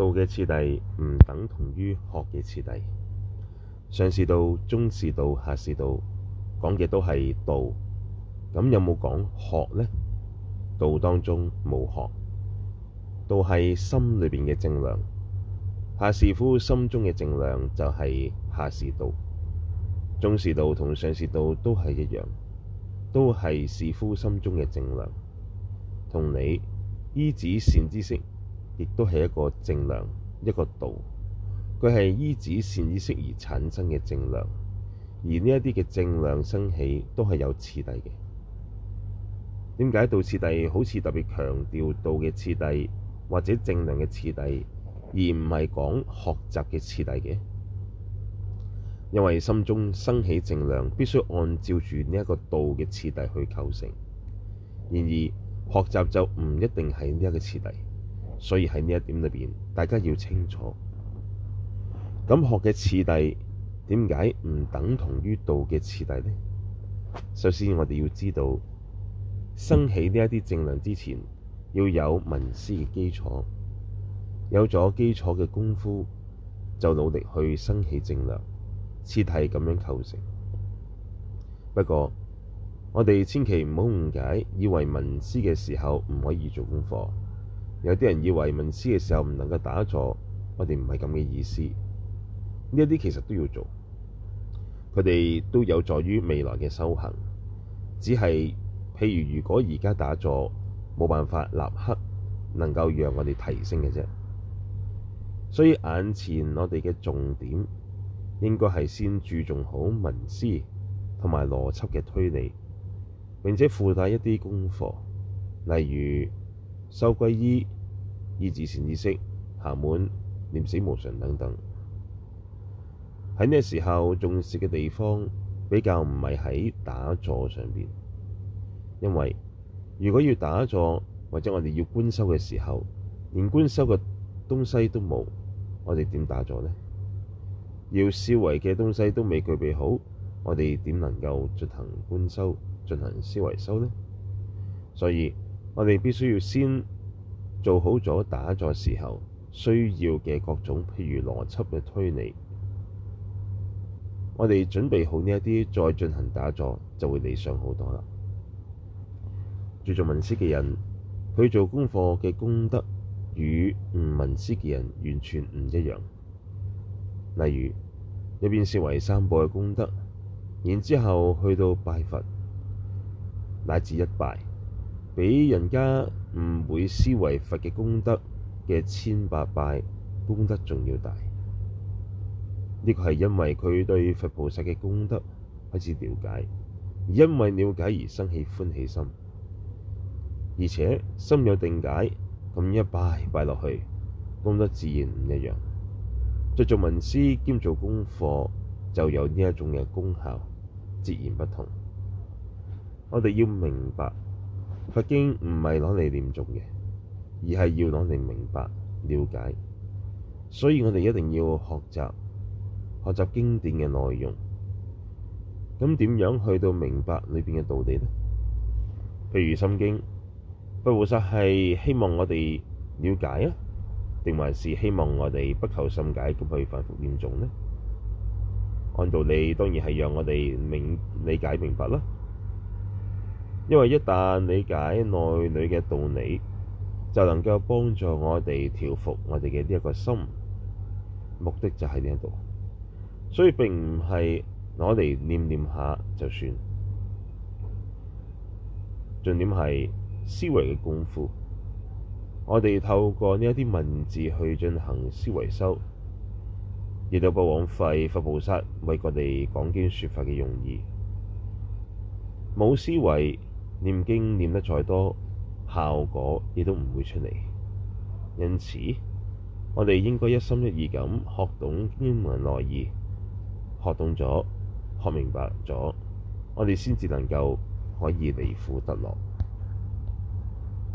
道嘅次第唔等同於學嘅次第，上士道、中士道、下士道講嘅都係道，咁、嗯嗯嗯、有冇講學呢？道當中冇學，道係心裏邊嘅證量，下士夫心中嘅證量就係下士道，中士道同上士道都係一樣，都係士夫心中嘅證量，同你依止善知識。亦都係一個證量，一個道。佢係依止善知識而產生嘅證量，而呢一啲嘅證量生起都係有次第嘅。點解道次第好似特別強調道嘅次第，或者證量嘅次第，而唔係講學習嘅次第嘅？因為心中生起證量必須按照住呢一個道嘅次第去構成，然而學習就唔一定係呢一個次第。所以喺呢一點裏邊，大家要清楚。咁學嘅次第點解唔等同於道嘅次第呢？首先，我哋要知道，生起呢一啲證量之前，要有聞思嘅基礎。有咗基礎嘅功夫，就努力去生起證量，次第咁樣構成。不過，我哋千祈唔好誤解，以為聞思嘅時候唔可以做功課。有啲人以為聞思嘅時候唔能夠打坐，我哋唔係咁嘅意思。呢一啲其實都要做，佢哋都有助於未來嘅修行。只係譬如如果而家打坐，冇辦法立刻能夠讓我哋提升嘅啫。所以眼前我哋嘅重點應該係先注重好聞思同埋邏輯嘅推理，並且附帶一啲功課，例如，修皈依、依止善知識、暇滿、念死無常等等，喺呢個時候，重視嘅地方比較唔係喺打坐上邊，因為如果要打坐或者我哋要觀修嘅時候，連觀修嘅東西都冇，我哋點打坐呢？要思維嘅東西都未具備好，我哋點能夠進行觀修、進行思維修呢？所以。我哋必須要先做好咗打坐時候需要嘅各種，譬如邏輯嘅推理。我哋準備好呢一啲再進行打坐，就會理想好多啦。注重聞思嘅人，佢做功課嘅功德與唔聞思嘅人完全唔一樣。例如，一邊思惟三寶嘅功德，然之後去到拜佛乃至一拜。俾人家唔會思維佛嘅功德嘅千百拜功德仲要大。呢個係因為佢對佛菩薩嘅功德開始了解，因為了解而生起歡喜心，而且心有定解，咁一拜拜落去功德自然唔一樣。再做聞思兼做功課就有呢一種嘅功效，截然不同。我哋要明白。佛經唔係攞嚟念誦嘅，而係要攞嚟明白、了解。所以我哋一定要學習、學習經典嘅內容。咁點樣去到明白裏邊嘅道理呢？譬如《心經》，佛菩薩係希望我哋了解啊，定還是希望我哋不求甚解咁去反覆念誦呢？按道理當然係讓我哋明理解明白啦。因為一旦理解內裏嘅道理，就能夠幫助我哋調伏我哋嘅呢一個心，目的就喺呢一度，所以並唔係攞嚟念念下就算。重點係思維嘅功夫，我哋透過呢一啲文字去進行思維修，亦都不枉費佛菩，菩，菩薩為我哋講經說法嘅用意。冇思維。念經念得再多，效果亦都唔會出嚟。因此，我哋應該一心一意咁學懂經文內容，學懂咗，學明白咗，我哋先至能夠可以離苦得樂。